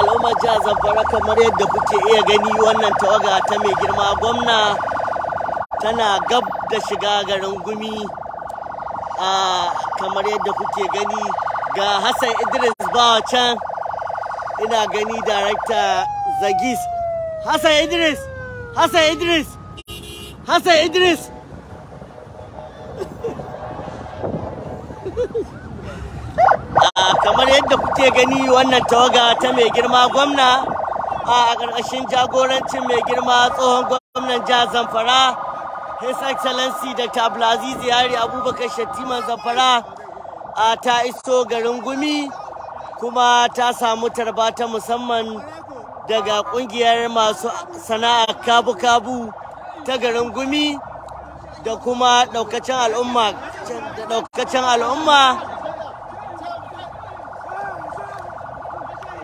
al'ummar jihar zamfara kamar yadda kuke iya gani wannan tawaga ta mai girma gwamna tana gab da shiga garin gumi a kamar yadda kuke gani ga hassan idris bawa can ina gani darakta zagis hassan idris hassan idris hassan idris kuke gani wannan tawaga ta mai girma gwamna a ƙarƙashin jagorancin mai girma tsohon gwamnan jihar zamfara his excellency dr abdulaziz yari abubakar shattiman zamfara a ta iso garin gumi kuma ta samu tarba ta musamman daga ƙungiyar masu sana'a kabu-kabu ta garin gumi da kuma ɗaukacin al'umma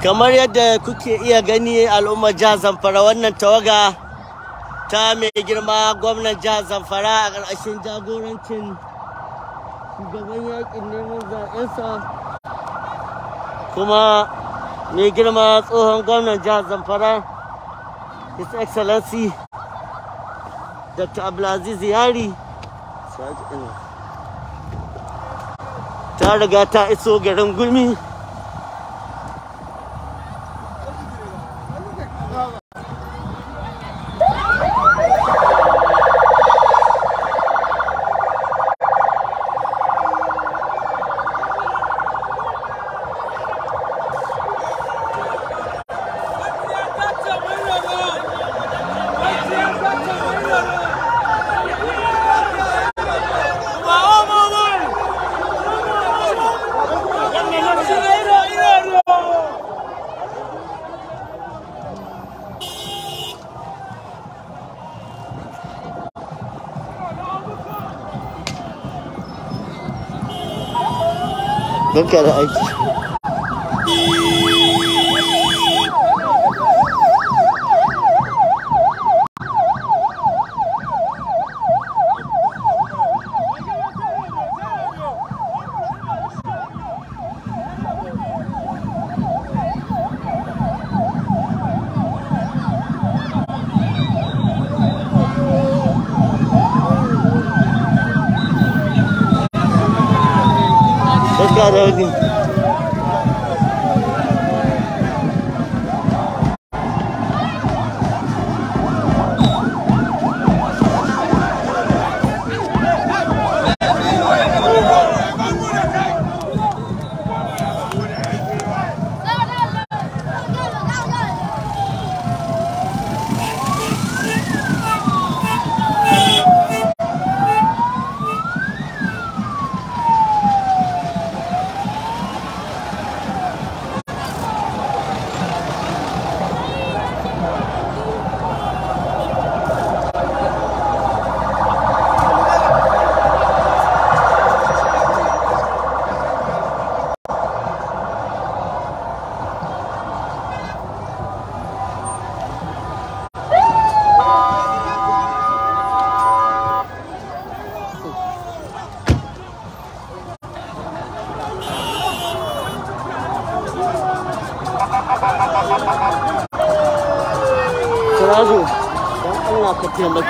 kamar yadda kuke iya gani al'ummar jihar zamfara wannan tawaga ta mai girma gwamnan jihar zamfara a ƙarƙashin jagorancin shugaban yaƙin neman zaɓensa kuma mai girma tsohon gwamnan jihar zamfara his excellency dr ablazi Ziyari, ta riga ta iso garin gulmi Don't get Foi clarando.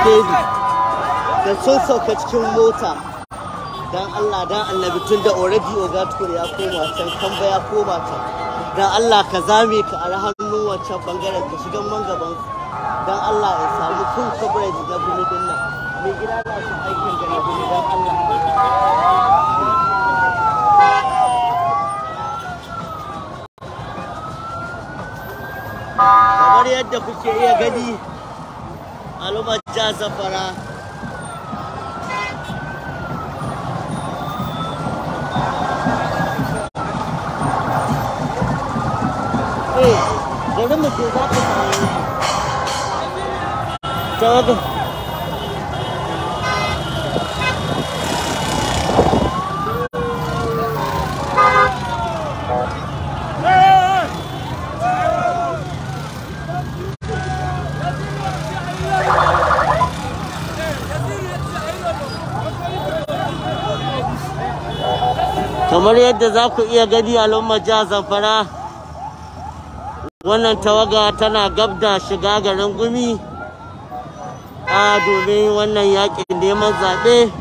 baby da sun sauka cikin mota dan Allah dan annabi tun da already oga tukur ya koma can kamba ya koma can dan Allah ka zame ka a hannun wancan bangaren ka shigan man gaban dan Allah ya samu full coverage da bulu din nan mai gida da su aikin da bulu dan Allah kamar yadda kuke iya gani Alô, Majá Zafará. yadda za ku iya gani al'ummar jihar zamfara wannan tawaga tana gabda shiga garin gumi a domin wannan yakin neman zaɓe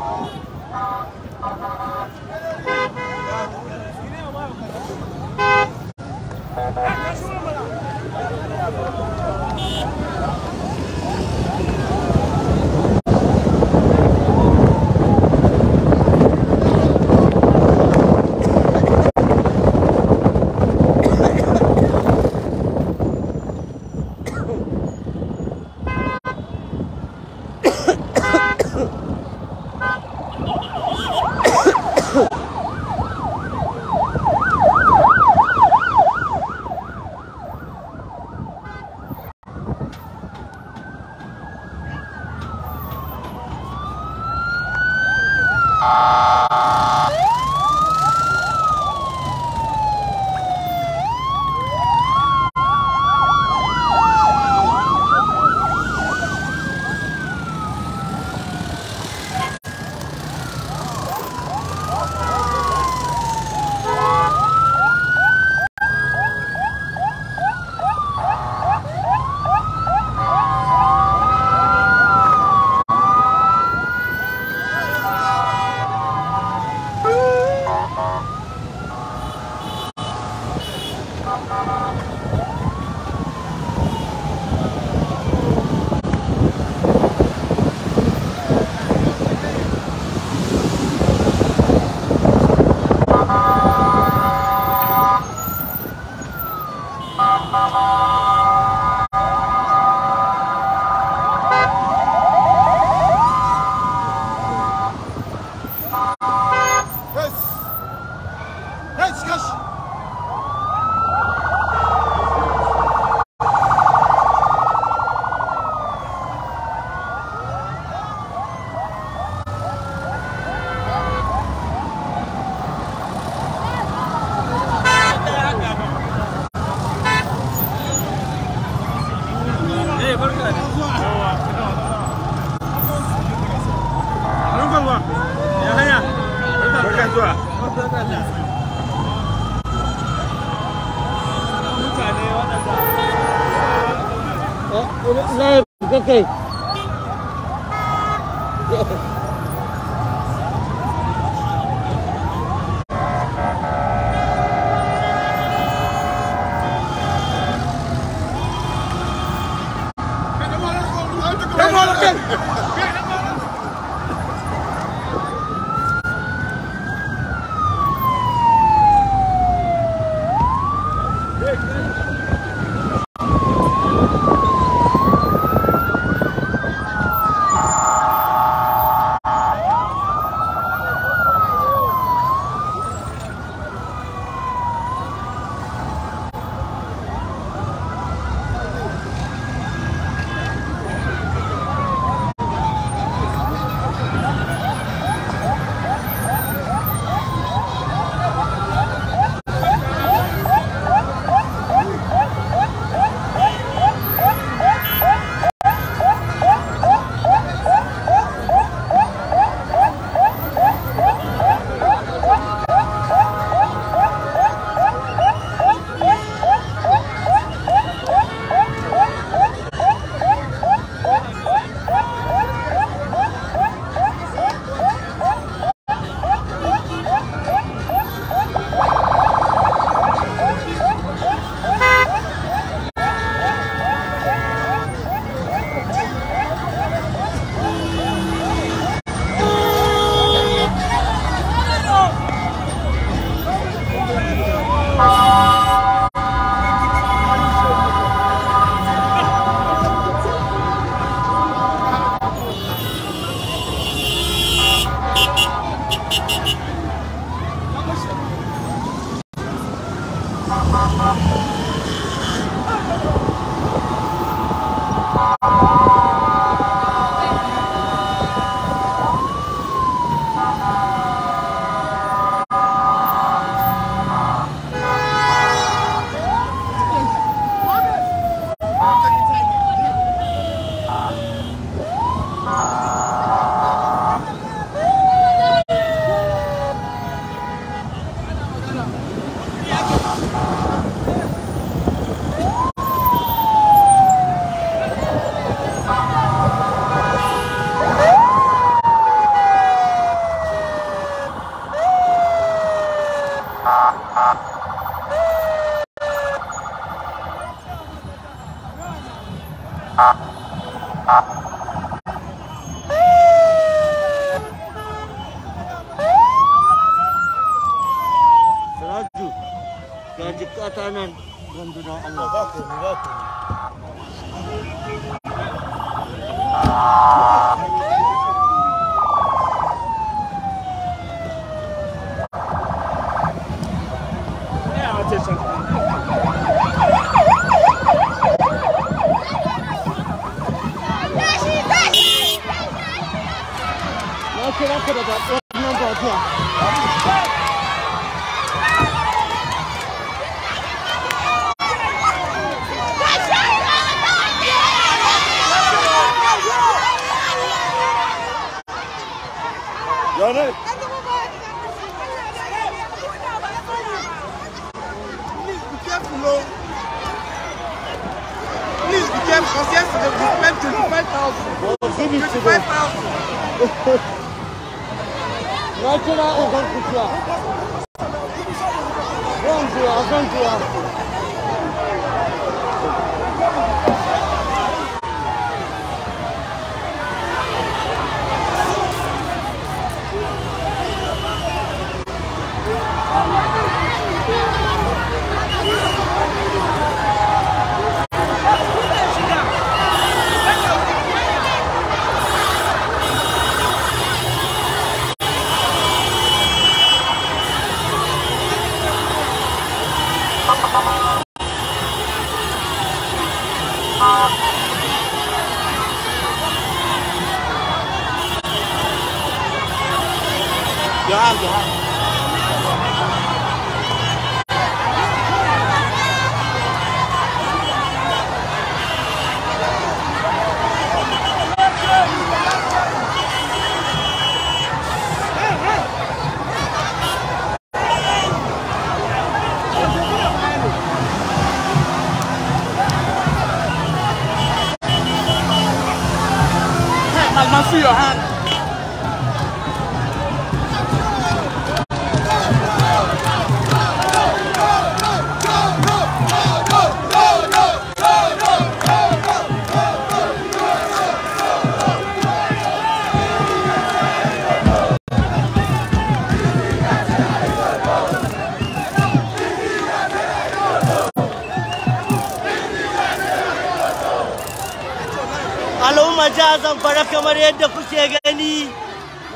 kamar yadda kuke gani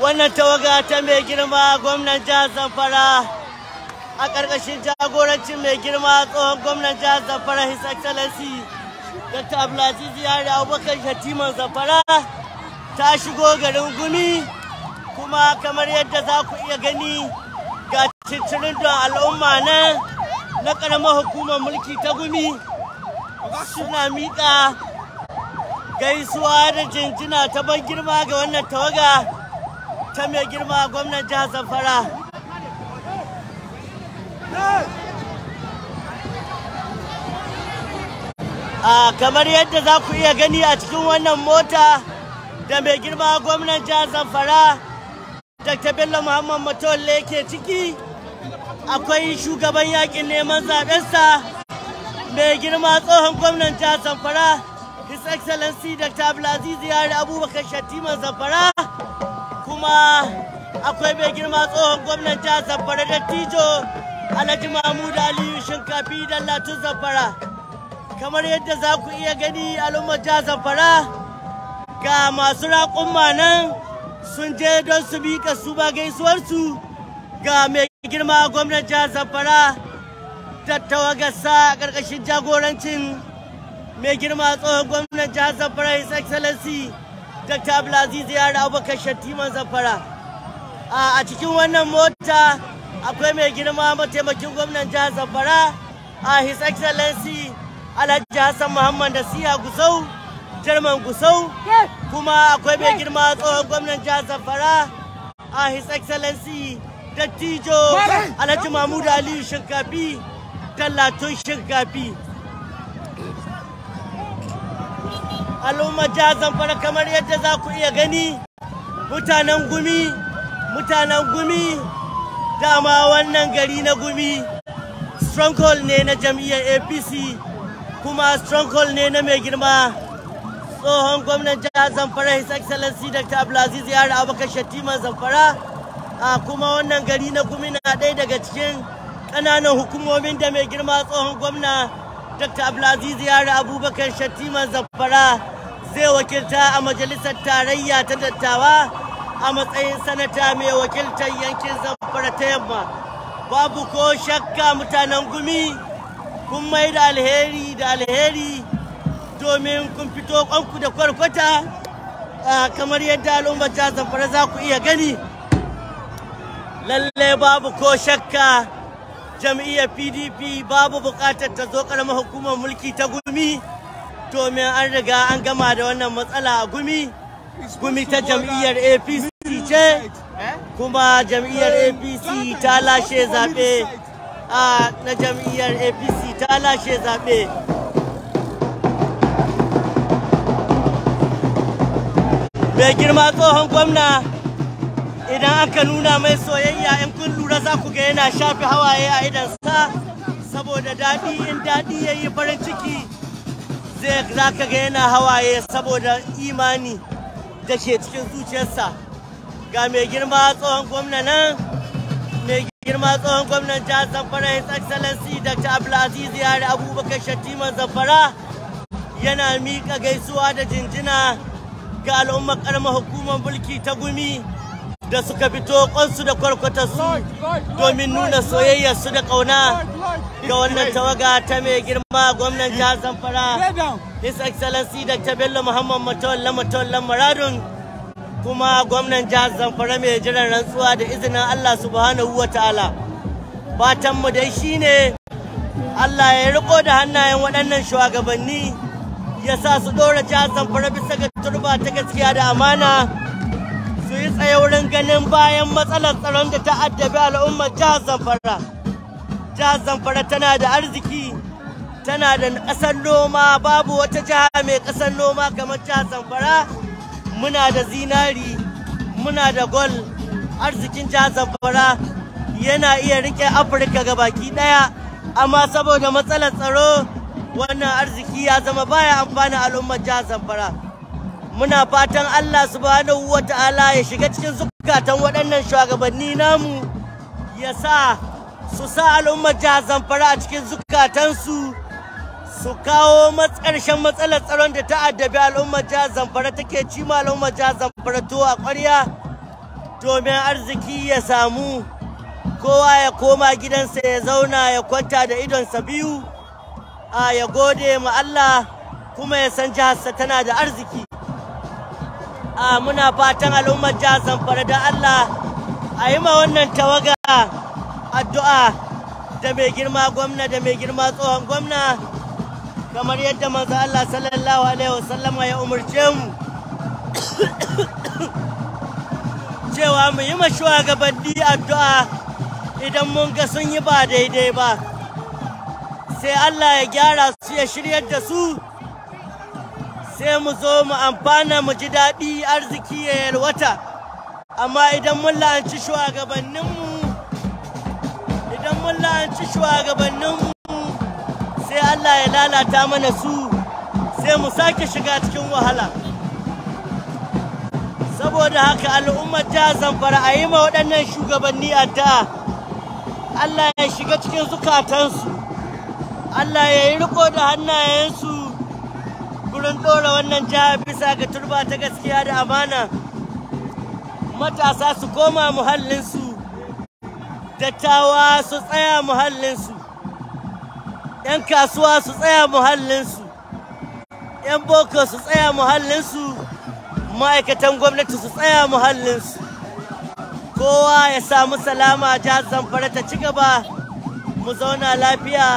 wannan tawaga ta mai girma gwamnan jihar zamfara a ƙarƙashin jagorancin mai girma tsohon gwamnan jihar zamfara his excellency dr abdulaziz yari abubakar shatiman zamfara ta shigo garin gumi kuma kamar yadda za ku iya gani ga cincirin don al'umma nan na ƙaramar hukumar mulki ta gumi suna miƙa gaisuwa da jinjina ta ban girma ga wannan tawaga ta mai girma gwamnan jihar zamfara a kamar yadda za ku iya gani a cikin wannan mota da mai girma gwamnan jihar zamfara dr bello muhammad matolle ke ciki akwai shugaban yakin neman zaɓensa mai girma tsohon gwamnan jihar zamfara His Excellency Dr. Abdulaziz Yari Abubakar Shatiman Zafara kuma akwai mai girma tsohon gwamnan jihar da Dattijo Alhaji Mahmud Aliyu Shinkafi Latu zafara Kamar yadda za ku iya gani al'ummar jihar Zafara ga masu raƙumma nan sun je don su miƙa su ba gaisuwarsu ga mai girma gwamnan jihar Zafara tattawa gasa ƙarƙashin jagorancin mai girma tsohon gwamnan jihar Zamfara His Excellency Dr. Abdulaziz Yara Abubakar Shattiman Zamfara. A cikin wannan mota akwai mai girma mataimakin gwamnan jihar zafara a His Excellency Alhaji Hassan Muhammad da Siya Gusau, Jerman Gusau, kuma akwai mai girma tsohon gwamnan jihar Zamfara a His Excellency Dattijo Alhaji Mahmud Ali Shinkafi, Tallatun Shinkafi. al'ummar jihar zamfara kamar yadda za ku iya gani mutanen gumi mutanen gumi dama wannan gari na gumi stronghold ne na jam'iyyar apc kuma stronghold ne na mai girma tsohon gwamnan jihar zamfara his excellency dr abdulaziz yar abubakar shatima zamfara a kuma wannan gari na gumi na ɗaya daga cikin ƙananan hukumomin da mai girma tsohon gwamna dr abdulaziz yar abubakar shatima zamfara zai wakilta a majalisar tarayya ta dattawa a matsayin sanata mai wakiltar yankin zamfara ta yamma babu ko shakka mutanen gumi kun mai da alheri da alheri domin kun fito kwanku da kwarkwata kamar yadda al'ummar ta zamfara za ku iya gani lallai babu ko shakka jam'iyyar pdp babu bukatar ta zo karamar hukumar mulki ta gumi domin an riga an gama da wannan matsala a gumi gumi ta jam'iyyar apc ce kuma jam'iyyar apc ta lashe zaɓe a na jam'iyyar apc ta lashe zaɓe mai girma tsohon gwamna idan aka nuna mai soyayya in kun lura za ku ga yana shafi hawaye a sa saboda daɗi in daɗi ya yi farin ciki zai za ga yana hawaye saboda imani da ke cikin zuciyarsa ga mai girma tsohon gwamna nan mai girma tsohon gwamnan jihar zamfara his excellency dr abdulaziz yari abubakar shattiman zamfara yana miƙa gaisuwa da jinjina ga al'ummar ƙaramar hukumar mulki ta gumi da suka fito kwansu da kwarkwatarsu domin nuna soyayyarsu da ƙauna ga wannan tawaga ta mai girma gwamnan jihar zamfara his excellency dr bello muhammad matawalla matawallan maradun kuma gwamnan jihar zamfara mai jiran rantsuwa da izinin allah subhanahu wa ta'ala fatanmu dai shine allah ya riko da hannayen waɗannan shugabanni ya sa su ɗora jihar zamfara bisa ga turba ta gaskiya da amana su yi tsaye ganin bayan matsalar tsaron da ta addabi al'ummar jihar zamfara jihar zamfara tana da arziki tana da ƙasar noma babu wata jiha mai ƙasar noma kamar jihar zamfara muna da zinari muna da gol arzikin jihar zamfara yana iya rike afirka ga baki ɗaya amma saboda matsalar tsaro wannan arziki ya zama baya amfani al'ummar jihar zamfara muna fatan Allah subhanahu wa ta'ala ya shiga cikin zukatan waɗannan shugabanni namu ya sa su sa al'ummar jihar zamfara a cikin zukatansu su kawo matsarshen matsalar tsaron da ta addabi al'ummar jihar zamfara take ci ma al'ummar jihar zamfara to a ƙwarya domin arziki ya samu kowa ya koma gidansa ya zauna ya kwanta da idonsa biyu a ya gode ma Allah kuma ya san jiharsa tana da arziki Ah, muna fatan al'ummar jihar zamfara da allah a yi ma wannan tawaga addu'a da mai girma gwamna da mai girma tsohon gwamna kamar yadda manzo allah sallallahu alaihi wasallama ya umarce mu cewa mu yi ma shugabanni addu'a idan mun ga sun yi ba daidai ba sai allah ya gyara su ya shiryar da su sai mu zo mu amfana mu ji daɗi arziki ya yalwata amma idan mun la'anci shugabanninmu idan mun la'anci shugabanninmu sai Allah ya lalata mana su sai mu sake shiga cikin wahala saboda haka al'ummar ta zamfara a yi ma waɗannan shugabanni addu'a Allah ya shiga cikin zukatansu Allah ya yi riko da hannayensu gurin ɗora wannan jiha bisa ga turba ta gaskiya da amana matasa su koma muhallinsu dattawa su tsaya muhallinsu 'yan kasuwa su tsaya muhallinsu 'yan boko su tsaya muhallinsu ma'aikatan gwamnati su tsaya muhallinsu kowa ya samu salama jihar zamfara ta ci gaba mu zauna lafiya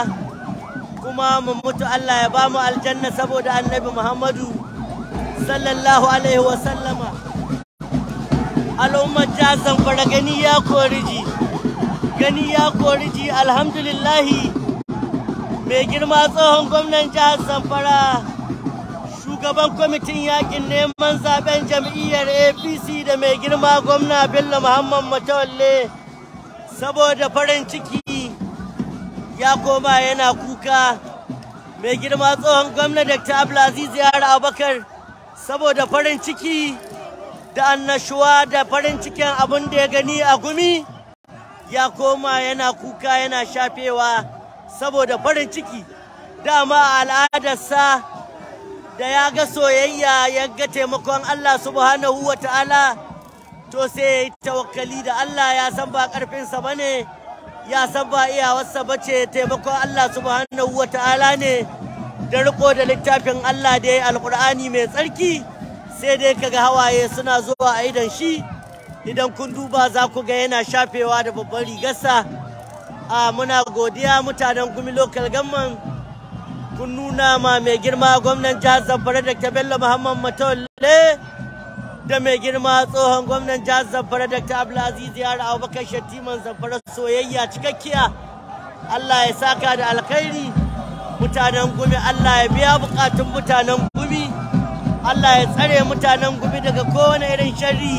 kuma mun mutu Allah ya ba mu aljanna saboda annabi Muhammadu sallallahu alaihi wa sallama al'ummar jazan fara gani ya koriji gani ya koriji alhamdulillahi mai girma tsohon gwamnan jihar zamfara shugaban kwamitin yakin neman zaben jam'iyyar apc da mai girma gwamna bello muhammad matawalle saboda farin ciki ya koma yana kuka mai girma tsohon gwamna dr abdulaziz yara abakar saboda farin ciki da annashuwa da farin cikin abin da ya gani a gumi ya koma yana kuka yana shafewa saboda farin ciki dama al'adarsa da ya ga soyayya ya ga taimakon allah subhanahu wa ta'ala to sai ya yi tawakkali da allah ya san ba ƙarfinsa ba ne ya san ba iyawarsa ba ce taimakon Allah subhanahu wa ta'ala ne da riko da littafin Allah da ya Alkur'ani mai tsarki sai dai kaga hawaye suna zuwa a idan shi idan kun duba za ku ga yana shafewa da babban rigarsa a muna godiya mutanen gumi local gamman kun nuna ma mai girma gwamnan jihar zamfara da bello muhammad matolle da mai girma tsohon gwamnan jihar zamfara dr abdulaziz yara abubakar shattiman zamfara soyayya cikakkiya allah ya saka da alkhairi mutanen gumi allah ya biya bukatun mutanen gumi allah ya tsare mutanen gumi daga kowane irin sharri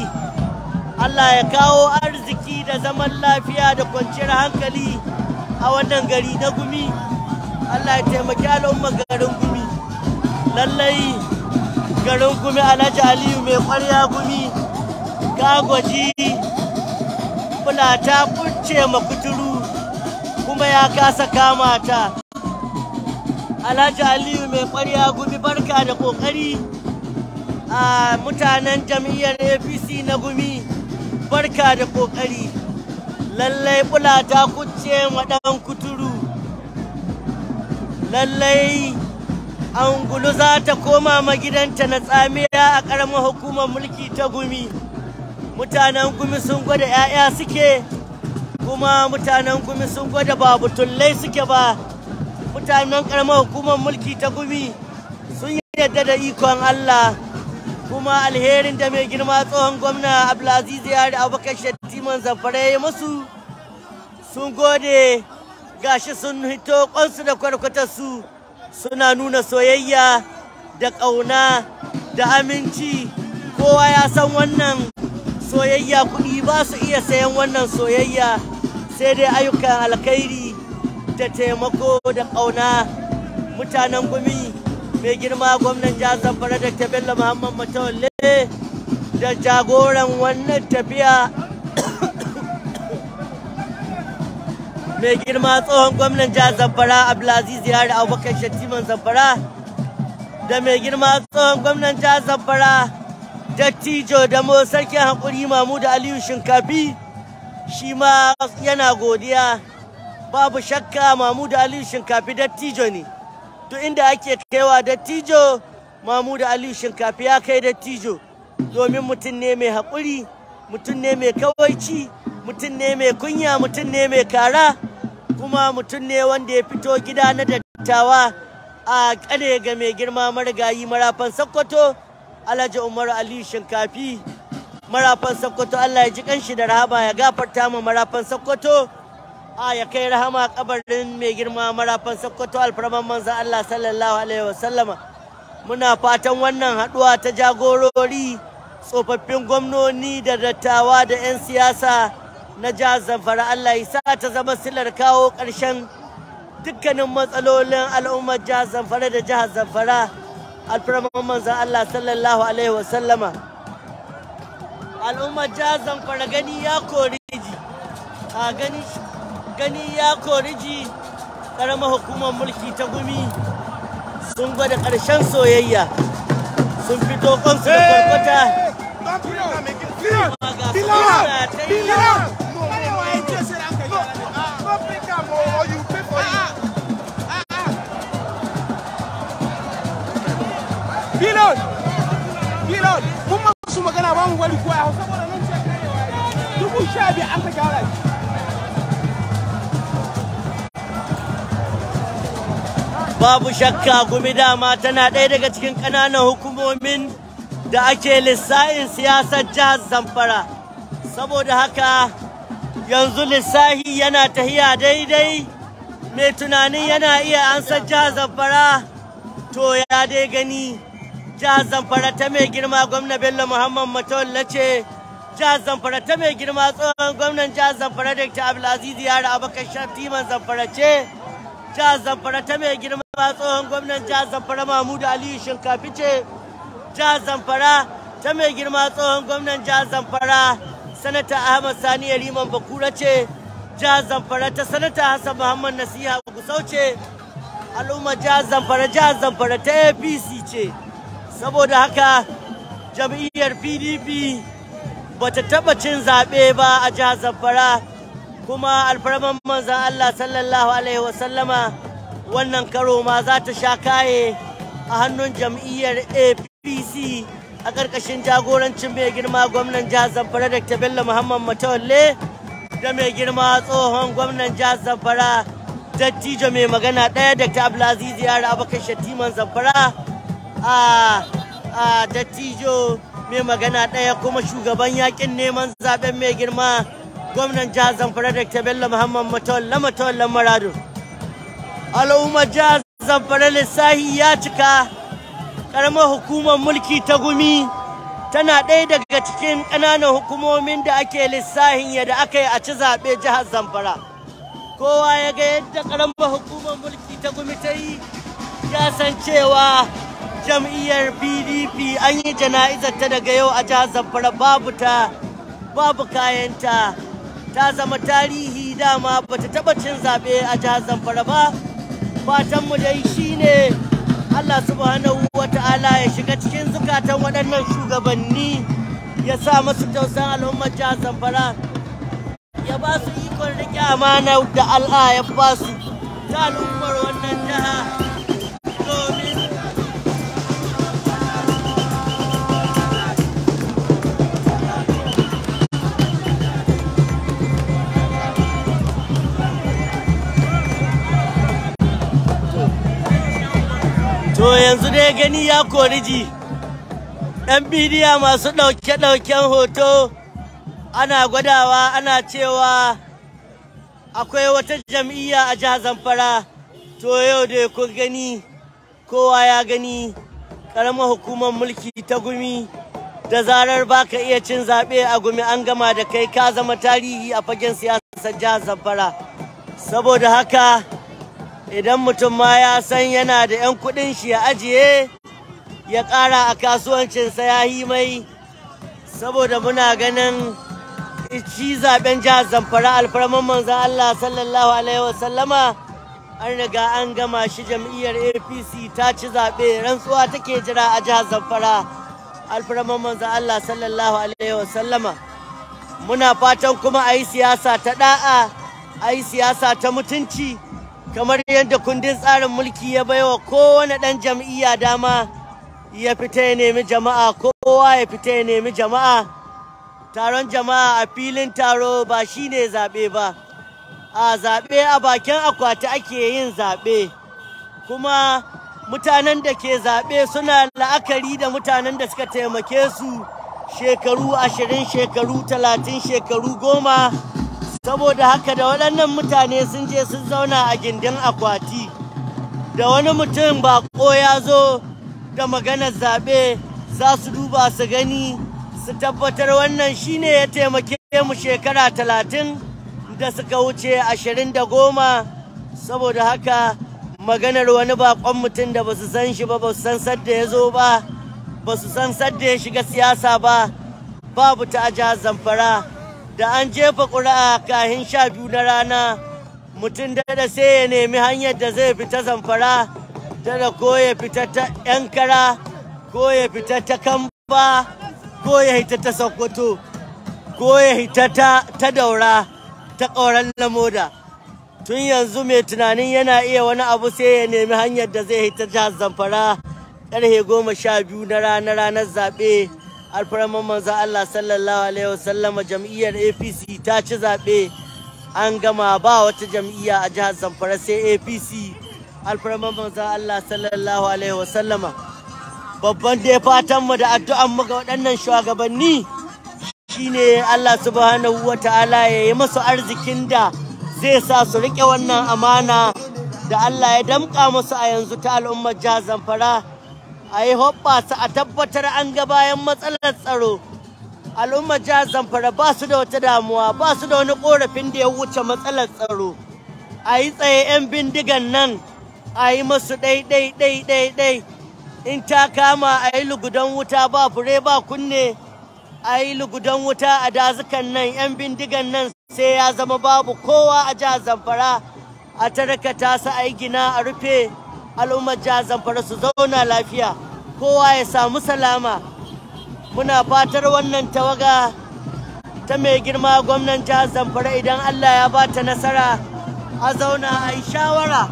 allah ya kawo arziki da zaman lafiya da kwanciyar hankali a wannan gari na gumi allah ya taimaki al'ummar garin gumi lallai garin gumi alhaji aliyu mai kwarya gumi gagwaji ta kuce ma kuturu kuma ya kasa kamata. ta alhaji aliyu mai kwarya gumi barka da kokari a mutanen jam'iyyar apc na gumi barka da kokari lallai ta kuce ma dan kuturu lallai angulu za ta koma gidanta na tsamiya a ƙaramar hukumar mulki ta gumi mutanen gumi sun gwada 'ya'ya suke kuma mutanen gumi sun gwada ba tullai suke ba mutanen ƙaramar hukumar mulki ta gumi sun yadda da ikon allah kuma alherin da mai girma tsohon gwamna abdulaziz yari abubakar shattiman zamfara ya musu sun gode gashi sun hito kwansu da kwarkwatar su suna nuna soyayya da ƙauna da aminci kowa ya san wannan soyayya kuɗi ba su iya sayan wannan soyayya sai dai ayyukan alkhairi da taimako da ƙauna mutanen gumi mai girma gwamnan jihar zamfara da bello muhammad matawalle da jagoran wannan tafiya mai girma tsohon gwamnan jihar zamfara abdulaziz yari abubakar shattiman zamfara da mai girma tsohon gwamnan jihar zamfara dattijo da mo sarkin hakuri mamu da aliyu shinkafi shi ma yana godiya babu shakka mamu da aliyu shinkafi dattijo ne To inda ake kaiwa dattijo mamu aliyu shinkafi ya kai dattijo domin mutum ne mai haƙuri mutum ne mai kawaici mutum ne mai kunya mutum ne mai kara kuma mutum ne wanda ya fito gida na dattawa a kane ga mai girma marigayi marafan sokoto alhaji umar ali shinkafi marafan sokoto allah ya ji kanshi da rahama ya gafarta ma marafan sokoto a ya kai rahama kabarin mai girma marafan sokoto alfarman manzan allah sallallahu alaihi wasallama muna fatan wannan haduwa ta jagorori tsofaffin gwamnoni da dattawa da 'yan siyasa na jihar Zamfara Allah ya sa ta zama silar kawo ƙarshen dukkanin matsalolin al'ummar jihar Zamfara da jihar Zamfara alfarman manzon Allah sallallahu alaihi wa al'ummar jihar Zamfara gani ya koriji a gani gani ya koriji ƙaramar hukumar mulki ta gumi sun gwada ƙarshen soyayya sun fito kansu da kwarkwata Bilal! Bilal! Bilal! babu shakka gumi dama tana ɗaya daga cikin ƙananan hukumomin da ake lissahin siyasar jihar zamfara saboda haka yanzu lissahi yana tahiya daidai mai tunanin yana iya ansar jihar zamfara to ya dai gani jihar zamfara ta mai girma gwamna bello muhammad matawalla ce jihar zamfara ta mai girma tsohon gwamnan jihar zamfara dr abdulaziz yara abakar shatiman zamfara ce jihar zamfara ta mai girma tsohon gwamnan jihar zamfara mahmudu aliyu shinkafi ce jihar zamfara ta mai girma tsohon gwamnan jihar zamfara sanata ahmad sani yariman bakura ce jihar zamfara ta sanata hassan muhammad nasiha gusau ce al'umma jihar zamfara jihar zamfara ta apc ce saboda haka jam'iyyar pdp bata taɓa cin zaɓe ba a jihar zamfara kuma alfarman manzan allah sallallahu alaihi wasallama wannan karo ma za ta sha kaye a hannun jam'iyyar apc a ƙarƙashin jagorancin mai girma gwamnan jihar zamfara da bello muhammad matawalle da mai girma tsohon gwamnan jihar zamfara dattijo mai magana ɗaya da abdulaziz yara abokan shatiman zamfara a dattijo mai magana ɗaya kuma shugaban yakin neman zaben mai girma gwamnan jihar zamfara da ta bello muhammad matawalla matawallan marado al'ummar jihar zamfara lissahi ya cika ƙaramar hukumar mulki ta gumi tana ɗaya daga cikin ƙananan hukumomin da ake lissahin yadda aka yi a ci zaɓe jihar zamfara kowa ya ga yadda ƙaramar hukumar mulki ta gumi ta yi ya san cewa jam'iyyar pdp an yi jana'izar ta daga yau a jihar zamfara babu ta babu kayanta ta zama tarihi dama ba ta taɓa cin zaɓe a jihar zamfara ba fatanmu dai shine allah subhanahu wa ta'ala ya shiga cikin zukatan waɗannan shugabanni ya sa masu tausan al'ummar jihar zamfara ya ba su ikon riƙe amana da al'a ya ba su ta al'ummar wannan jiha yanzu dai gani ya kori ji, ɗan bidiya masu ɗauke-ɗauken hoto ana gwadawa ana cewa akwai wata jam'iyya a jihar zamfara to yau dai ku gani kowa ya gani ƙaramar hukumar mulki ta gumi da zarar baka iya cin zaɓe a gumi an gama da kai ka zama tarihi a fagen siyasar jihar zamfara saboda haka idan mutum ma ya san yana da 'yan kuɗin shi ya ajiye ya ƙara a kasuwancinsa ya yi mai saboda muna ganin shi zaben jihar zamfara alfarman manzan Allah sallallahu alaihi wasallama an riga an gama shi jam'iyyar apc ta ci zaɓe rantsuwa take jira a jihar zamfara alfarman manzan Allah sallallahu alaihi wasallama muna fatan kuma a yi siyasa ta ɗa'a a yi siyasa ta mutunci kamar yadda kundin tsarin mulki ya baiwa kowane ɗan jam'iyya dama ya fita ya nemi jama'a ko kowa ya fita ya nemi jama'a taron jama'a a filin taro ba shi ne zaɓe ba a zaɓe a bakin akwati ake yin zaɓe kuma mutanen da ke zaɓe suna la'akari da mutanen da suka taimake su shekaru ashirin shekaru talatin shekaru goma saboda haka da waɗannan mutane sun je sun zauna a gindin akwati da wani mutum bako ya zo da maganar zaɓe za su duba su gani su tabbatar wannan shine ya taimake mu shekara talatin da suka wuce ashirin da goma saboda haka maganar wani bakon mutum da ba su san shi ba ba su san sadda ya zo ba ba su san sadda ya shiga siyasa ba babu ta a zamfara da an jefa ƙuri'a kahin sha biyu na rana mutum da sai ya nemi hanyar da zai fita zamfara da ko ya fita ta yankara ko ya fita ta kamba ko ya hita ta sokoto ko ya hita ta ta daura ta ƙauran lamoda tun yanzu mai tunanin yana iya wani abu sai ya nemi hanyar da zai hita ta zamfara ƙarfe goma sha biyu na ranar zaɓe alfarman manzan Allah sallallahu alaihi jam'iyyar APC ta ci zaɓe an gama ba wata jam'iyya a jihar Zamfara sai APC alfarman manzan Allah sallallahu alaihi wasallam babban dai fatan mu da addu'an mu ga waɗannan shugabanni shine Allah subhanahu wata'ala ya yi masu arzikin da zai sa su riƙe wannan amana da Allah ya damƙa musu a yanzu ta al'ummar jihar Zamfara a yi a tabbatar an ga bayan matsalar tsaro Al'umma, jihar zamfara ba su da wata damuwa ba su da wani korafin da ya wuce matsalar tsaro a tsaye 'yan bindigan nan a yi masu ɗai-ɗai-ɗai-ɗai in ta kama a yi lugudan wuta ba fure ba kunne a yi lugudan wuta a dazukan nan 'yan bindigan nan sai ya zama babu kowa a jihar zamfara a tarakata su a yi gina a rufe al'ummar jihar zamfara su zauna lafiya kowa ya samu salama muna fatar wannan tawaga ta mai girma gwamnan jihar zamfara idan allah ya ba ta nasara a zauna a yi shawara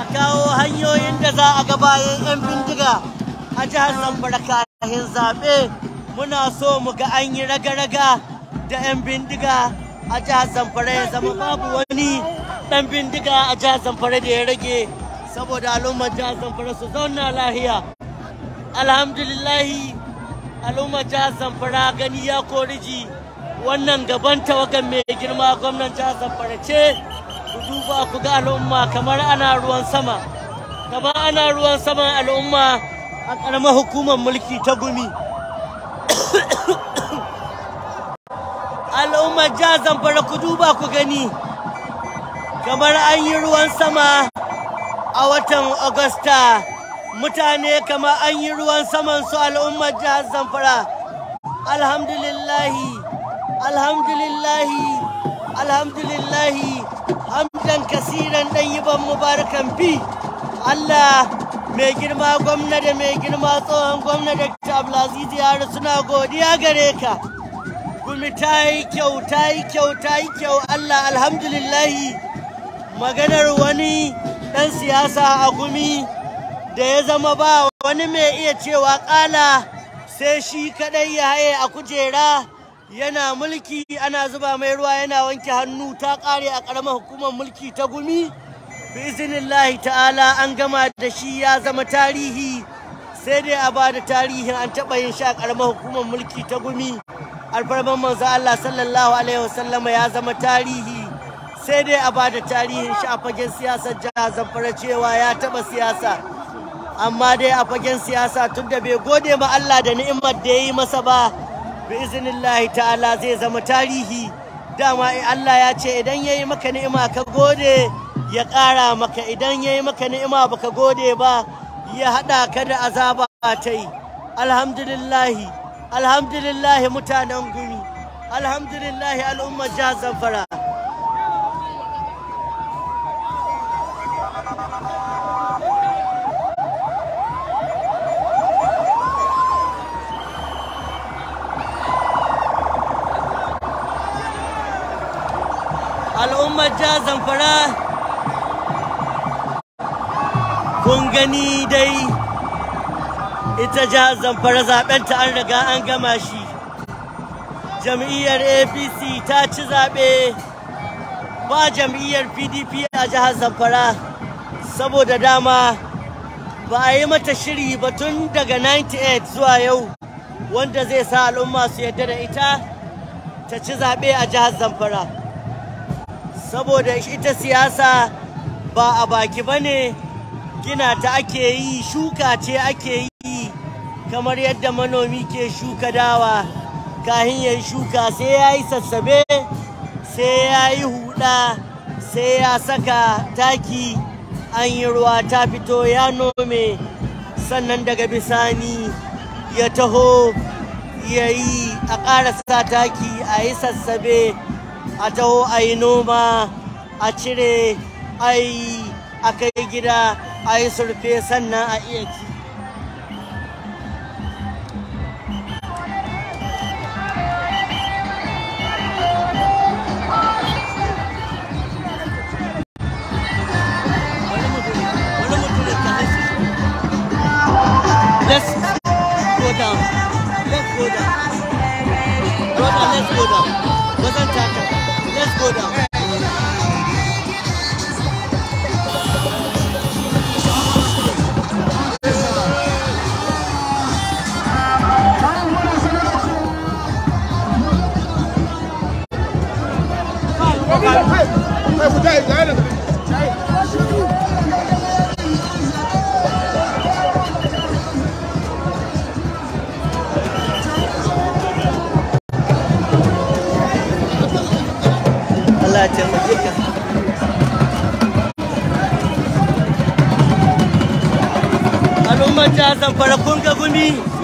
a kawo hanyoyin da za a ga bayan 'yan bindiga a jihar zamfara kafin zaɓe muna so mu ga an yi raga-raga da 'yan bindiga a jihar zamfara ya zama babu wani dan bindiga a jihar zamfara da ya rage saboda al'ummar jihar zamfara su zauna lahiya alhamdulillahi al'ummar jihar zamfara gani ya koriji wannan gaban tawagan mai girma gwamnan jihar zamfara ce ku duba ku ga al'umma kamar ana ruwan sama kamar ana ruwan sama al'umma a ƙaramar hukumar mulki ta gumi al'ummar jazan zamfara ku duba ku gani kamar an yi ruwan sama a watan agusta mutane kamar an yi ruwan saman su al'ummar jihar zamfara alhamdulillahi alhamdulillahi alhamdulillahi hamdan kasiran dan ban mubarakan fi allah mai girma gwamna da mai girma tsohon gwamna da abdulaziz yaro suna godiya gare ka gumi ta yi kyau ta kyau ta kyau Allah alhamdulillahi maganar wani ɗan siyasa a gumi da ya zama ba wani mai iya cewa ƙala sai shi kaɗai ya haye a kujera yana mulki ana zuba mai ruwa yana wanke hannu ta ƙare a ƙaramar hukumar mulki ta gumi biiznillahi ta'ala an gama da shi ya zama tarihi sai dai a ba da tarihin an taɓa yin a ƙaramar hukumar mulki ta gumi alfarman manzo Allah sallallahu alaihi wasallama ya zama tarihi sai dai a bada tarihin shi a fagen siyasar jihar Zamfara cewa ya taba siyasa amma dai a fagen siyasa tun da bai gode ma Allah da ni'imar da ya yi masa ba bi ta'ala zai zama tarihi dama Allah ya ce idan ya yi maka ni'ima ka gode ya ƙara maka idan ya yi maka ni'ima baka gode ba ya haɗa ka da azaba ta yi alhamdulillahi alhamdulillahi mutanen gumi alhamdulillahi al'ummar jihar zamfara al'ummar jihar zamfara kun gani dai ita jihar zamfara zaɓen ta an riga an gama shi jam'iyyar apc ta ci zaɓe ba jam'iyyar pdp a jihar zamfara saboda dama ba a yi mata shiri ba tun daga 98 zuwa yau wanda zai sa al'umma su yadda da ita ta ci zaɓe a jihar zamfara saboda ita siyasa ba a baki ba ne gina ta ake yi shuka ce ake yi kamar yadda manomi ke shuka dawa kahin ya shuka sai ya yi sassabe sai ya yi huda sai ya saka taki an yi ruwa ta fito ya nome sannan daga bisani ya taho ya yi a ƙarasa taki a yi sassabe a taho a yi noma a cire a yi a kai gida a yi surfe sannan a iya ci go down. Let's go down. Italy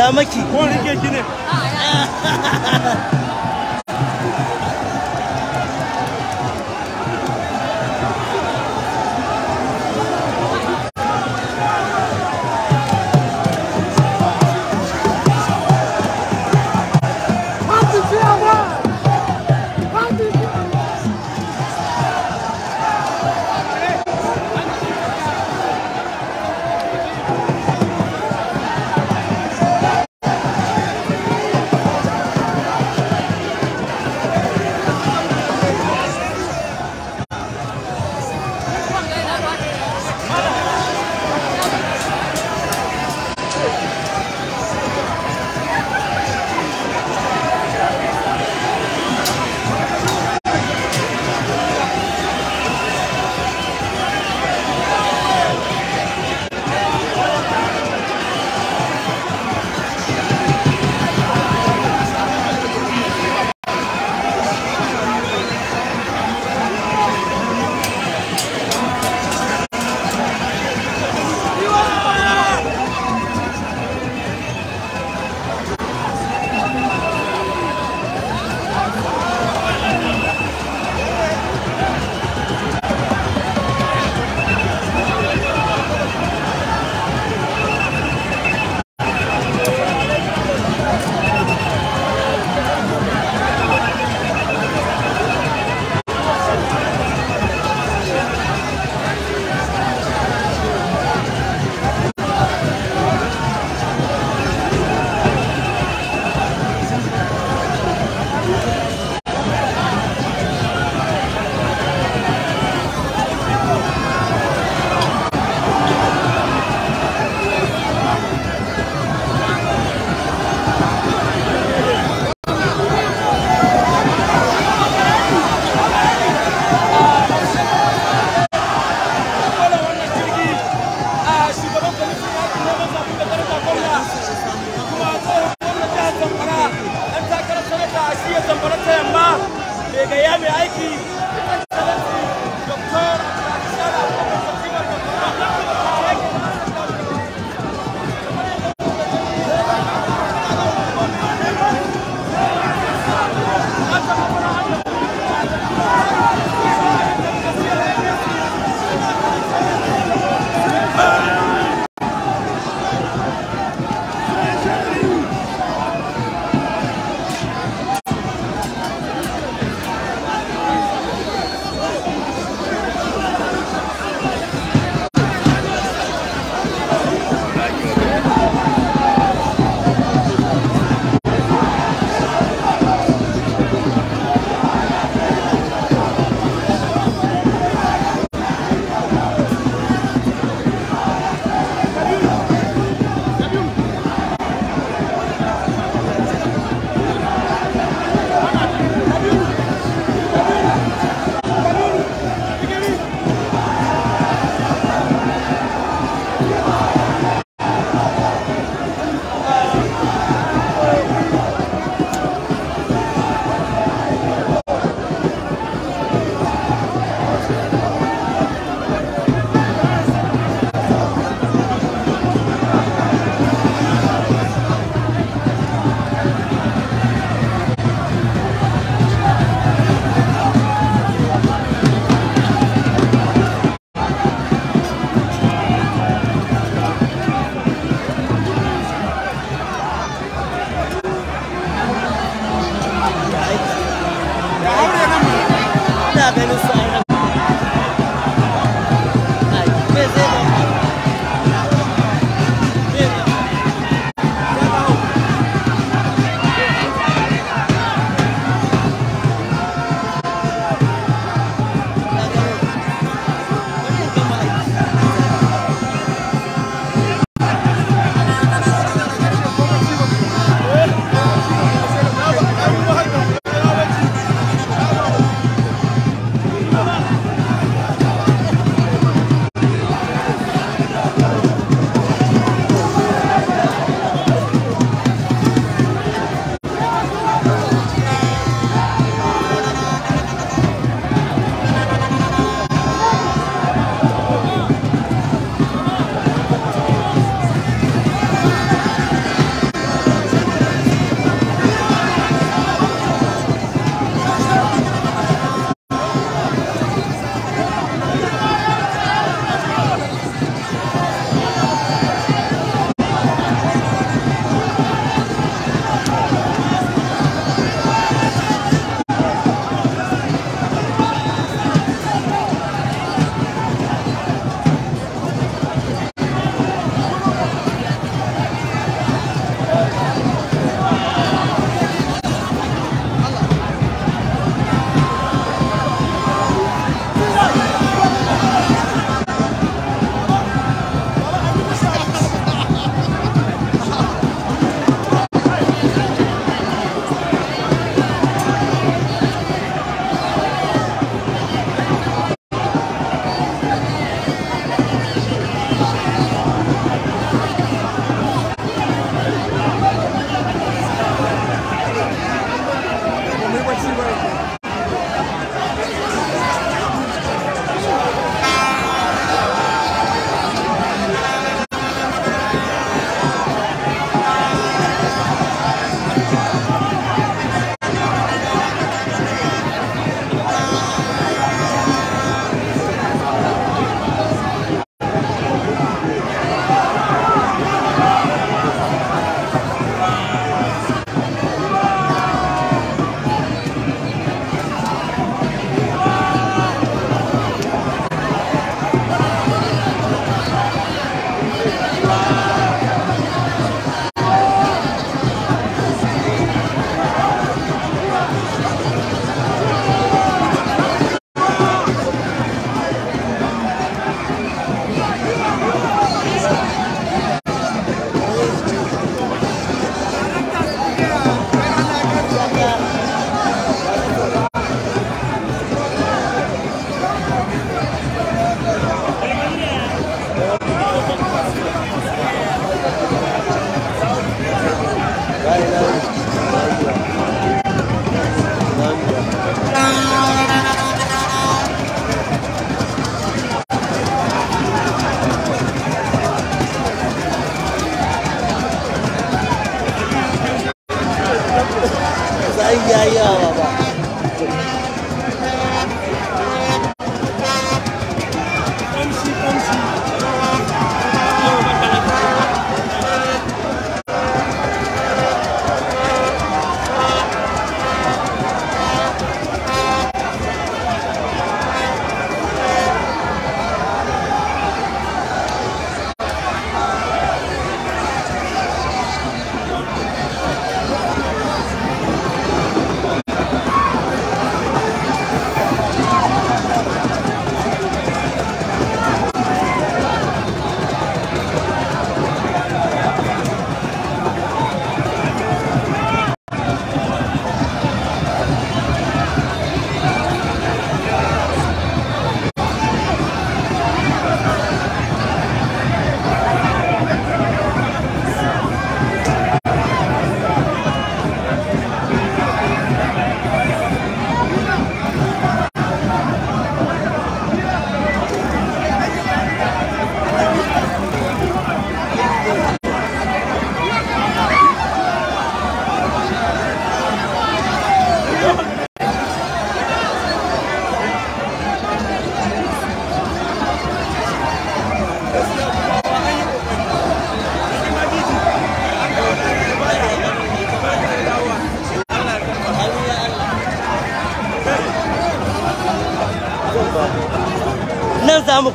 ga maki ko rike ki ne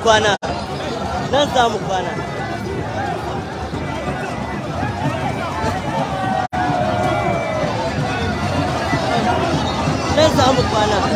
kwana nan za mu kwana nan za mu kwana